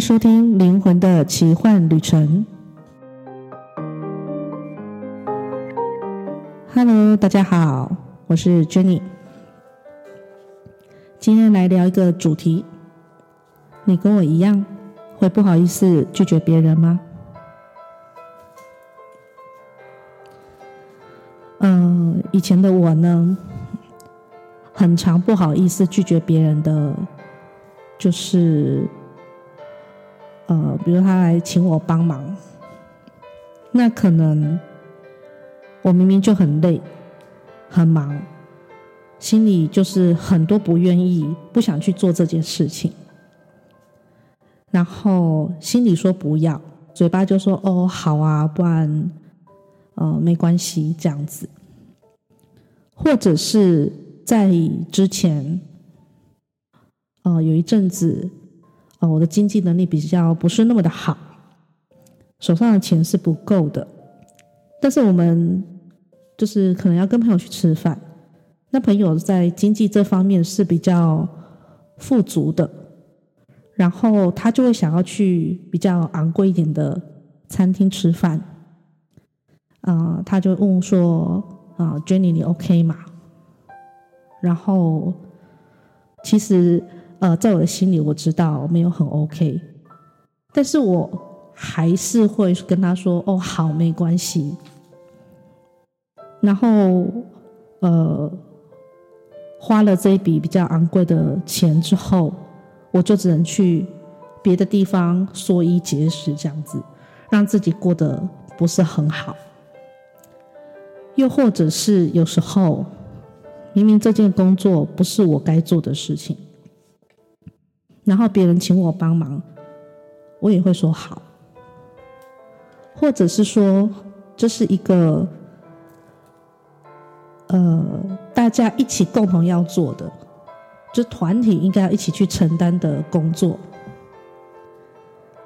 收聽靈魂的奇幻旅程。Hello，大家好，我是 Jannie。今天來聊一個主題：你跟我一樣會不好意思拒絕別人嗎？嗯，以前的我呢，很常不好意思拒絕別人的就是。呃，比如他來請我幫忙，那可能我明明就很累、很忙，心裡就是很多不願意，不想去做這件事情。然後心裡說不要，嘴巴就說哦好啊，不然呃沒關係這樣子。或者是在之前，呃，有一陣子。啊、哦，我的經濟能力比較不是那麼的好，手上的錢是不夠的。但是我們就是可能要跟朋友去吃飯，那朋友在經濟這方面是比較富足的，然後他就會想要去比較昂貴一點的餐廳吃飯。啊、呃，他就問說：“啊、呃、Jannie，你 OK 嗎？”然後其實。呃，在我的心裡，我知道沒有很 OK，但是我還是會跟他說：“哦，好，沒關係。”然後，呃，花了這一筆比較昂貴的錢之後，我就只能去別的地方縮衣節食，這樣子讓自己過得不是很好。又或者是有時候，明明這件工作不是我該做的事情。然後別人請我幫忙，我也會說好，或者是說這是一個呃大家一起共同要做的，就是、團體應該要一起去承擔的工作。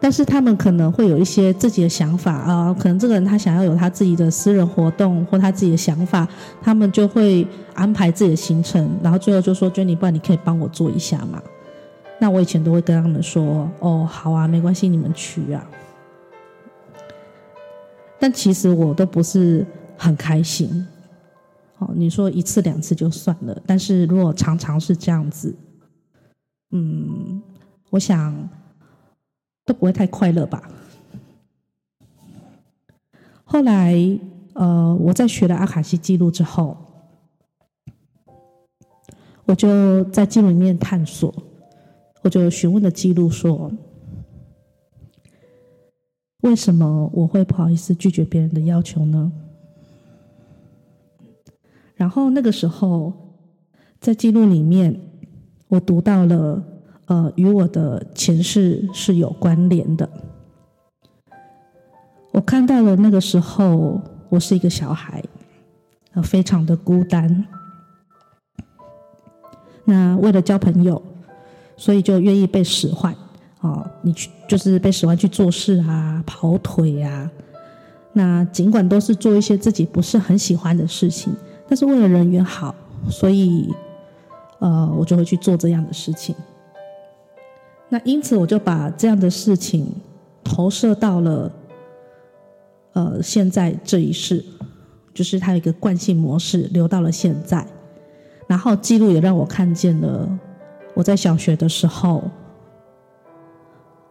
但是他們可能會有一些自己的想法啊、呃，可能這個人他想要有他自己的私人活動或他自己的想法，他們就會安排自己的行程，然後最後就說 ：“Jenny，不然你可以幫我做一下嘛。”那我以前都會跟他們說：“哦，好啊，沒關係，你們去啊。”但其實我都不是很開心。哦，你說一次兩次就算了，但是如果常常是這樣子，嗯，我想都不會太快樂吧。後來，呃，我在學了阿卡西紀錄之後，我就在紀錄裡面探索。我就詢問了記錄說：“為什麼我會不好意思拒絕別人的要求呢？”然後那個時候，在記錄裡面，我讀到了呃，與我的前世是有關聯的。我看到了那個時候，我是一個小孩，呃，非常的孤單。那為了交朋友。所以就願意被使喚，哦，你去就是被使喚去做事啊、跑腿呀、啊。那儘管都是做一些自己不是很喜歡的事情，但是為了人緣好，所以呃，我就會去做這樣的事情。那因此我就把這樣的事情投射到了呃現在這一世，就是它有一個慣性模式留到了現在，然後記錄也讓我看見了。我在小學的時候，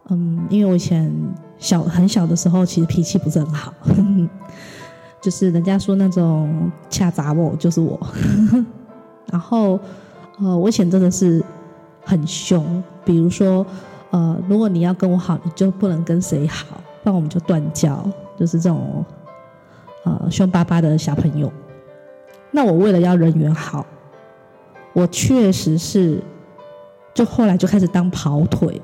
嗯，因為我以前小很小的時候，其實脾氣不是很好，呵呵就是人家說那種“恰查某”就是我呵呵。然後，呃，我以前真的是很凶，比如說，呃，如果你要跟我好，你就不能跟誰好，不然我們就斷交，就是這種，呃，凶巴巴的小朋友。那我為了要人緣好，我確實是。就後來就開始當跑腿，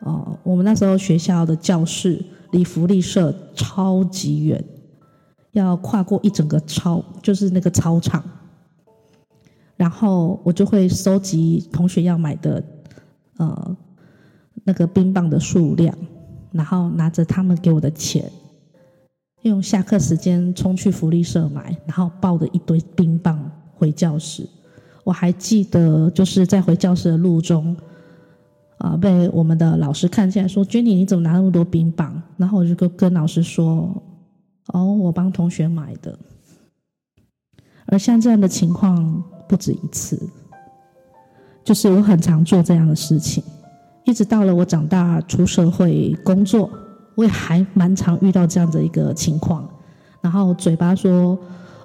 哦，uh，我們那時候學校的教室離福利社超級遠，要跨過一整個操，就是那個操場，然後我就會收集同學要買的，呃，那個冰棒的數量，然後拿着他們給我的錢，用下課時間衝去福利社買，然後抱着一堆冰棒回教室。我還記得，就是在回教室的路中，啊、呃，被我們的老師看見，說：“Jenny，你怎麼拿那麼多冰棒？”然後我就跟跟老師說：“哦、oh，我幫同學買的。”而像這樣的情況不止一次，就是我很常做這樣的事情。一直到了我長大出社會工作，我也還蠻常遇到這樣的一個情況，然後嘴巴說，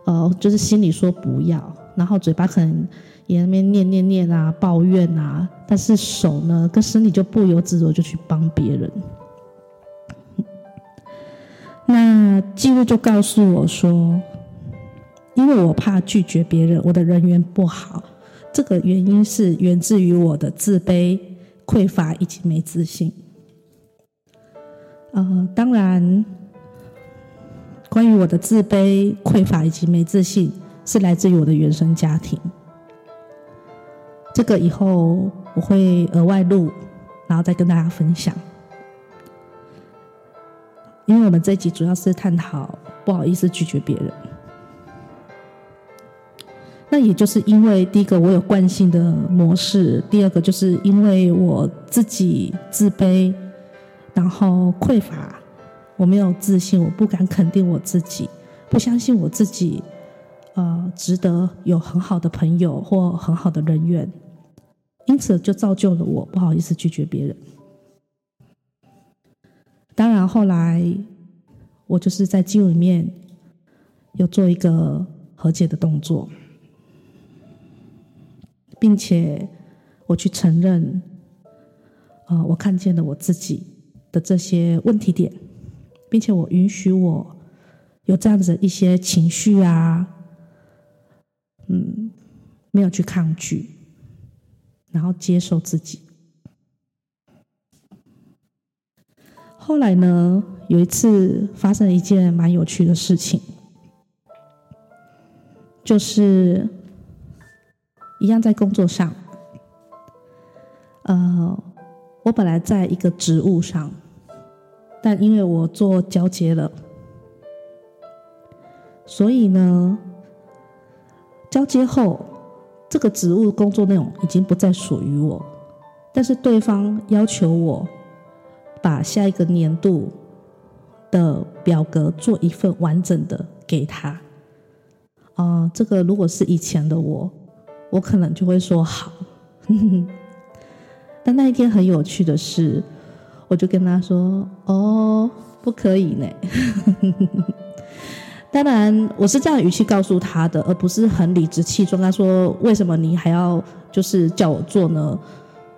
呃，就是心裡說不要。然後嘴巴可能也那邊念念念啊，抱怨啊，但是手呢，跟身體就不由自主就去幫別人。那記錄就告訴我說，因為我怕拒絕別人，我的人緣不好，這個原因是源自於我的自卑、匱乏以及沒自信。呃，當然，關於我的自卑、匱乏以及沒自信。是來自於我的原生家庭，這個以後我會額外錄，然後再跟大家分享。因為我們這一集主要是探討不好意思拒絕別人，那也就是因為第一個我有慣性的模式，第二個就是因為我自己自卑，然後匱乏，我沒有自信，我不敢肯定我自己，不相信我自己。呃，值得有很好的朋友或很好的人緣，因此就造就了我不好意思拒絕別人。當然後來，我就是在紀錄裡面有做一個和解的動作，並且我去承認，呃，我看見了我自己的這些問題點，並且我允許我有這樣子的一些情緒啊。嗯，沒有去抗拒，然後接受自己。後來呢，有一次發生了一件蠻有趣的事情，就是一樣在工作上，呃，我本來在一個職務上，但因為我做交接了，所以呢。交接後，這個職務工作內容已經不再屬於我，但是對方要求我把下一個年度的表格做一份完整的給他。啊、呃，這個如果是以前的我，我可能就會說好。 但那一天很有趣的是，我就跟他說：“哦，不可以呢。 ”當然，我是這樣的語氣告訴他的，而不是很理直氣壯。他說：“為什麼你還要就是叫我做呢？”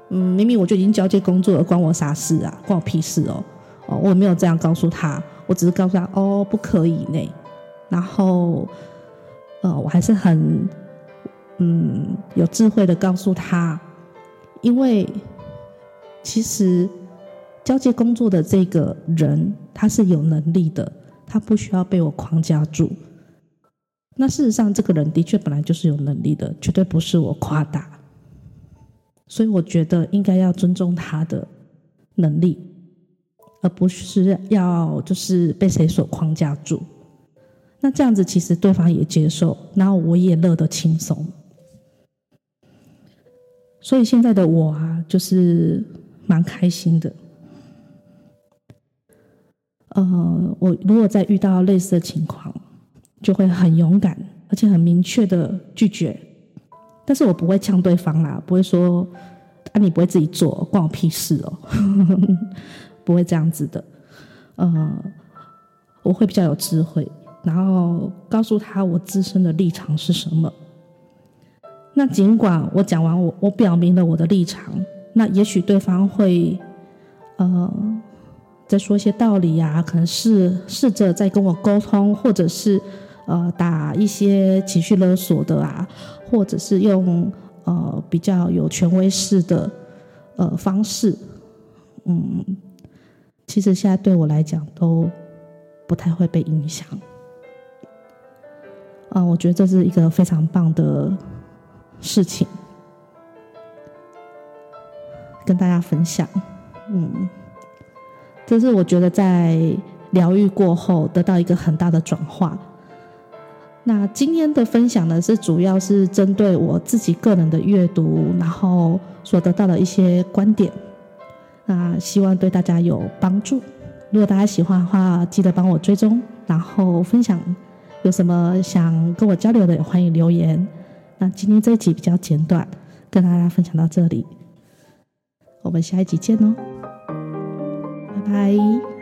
嗯，明明我就已經交接工作了，關我啥事啊？關我屁事哦！哦，我也沒有這樣告訴他，我只是告訴他：“哦，不可以呢。”然後，呃、哦，我還是很嗯有智慧的告訴他，因為其實交接工作的這個人他是有能力的。他不需要被我框架住。那事實上，這個人的確本來就是有能力的，絕對不是我誇大。所以我覺得應該要尊重他的能力，而不是要就是被誰所框架住。那這樣子，其實對方也接受，然後我也樂得輕鬆。所以現在的我啊，就是蠻開心的。呃，我如果再遇到類似的情況，就會很勇敢，而且很明確的拒絕。但是我不會嗆對方啦，不會說，啊，你不會自己做，關我屁事哦， 不會這樣子的。呃，我會比較有智慧，然後告訴他我自身的立場是什麼。那儘管我講完我，我我表明了我的立場，那也許對方會呃。在說一些道理呀、啊，可能是試着在跟我溝通，或者是呃打一些情緒勒索的啊，或者是用呃比較有權威式的呃方式，嗯，其實現在對我來講都不太會被影響，啊、呃，我覺得這是一個非常棒的事情，跟大家分享，嗯。這是我覺得在療癒過後得到一個很大的轉化。那今天的分享呢，是主要是針對我自己個人的閱讀，然後所得到的一些觀點。那希望對大家有幫助。如果大家喜歡的話，記得幫我追蹤，然後分享。有什麼想跟我交流的，也歡迎留言。那今天這一集比較簡短，跟大家分享到這裡。我們下一集見哦。嗨。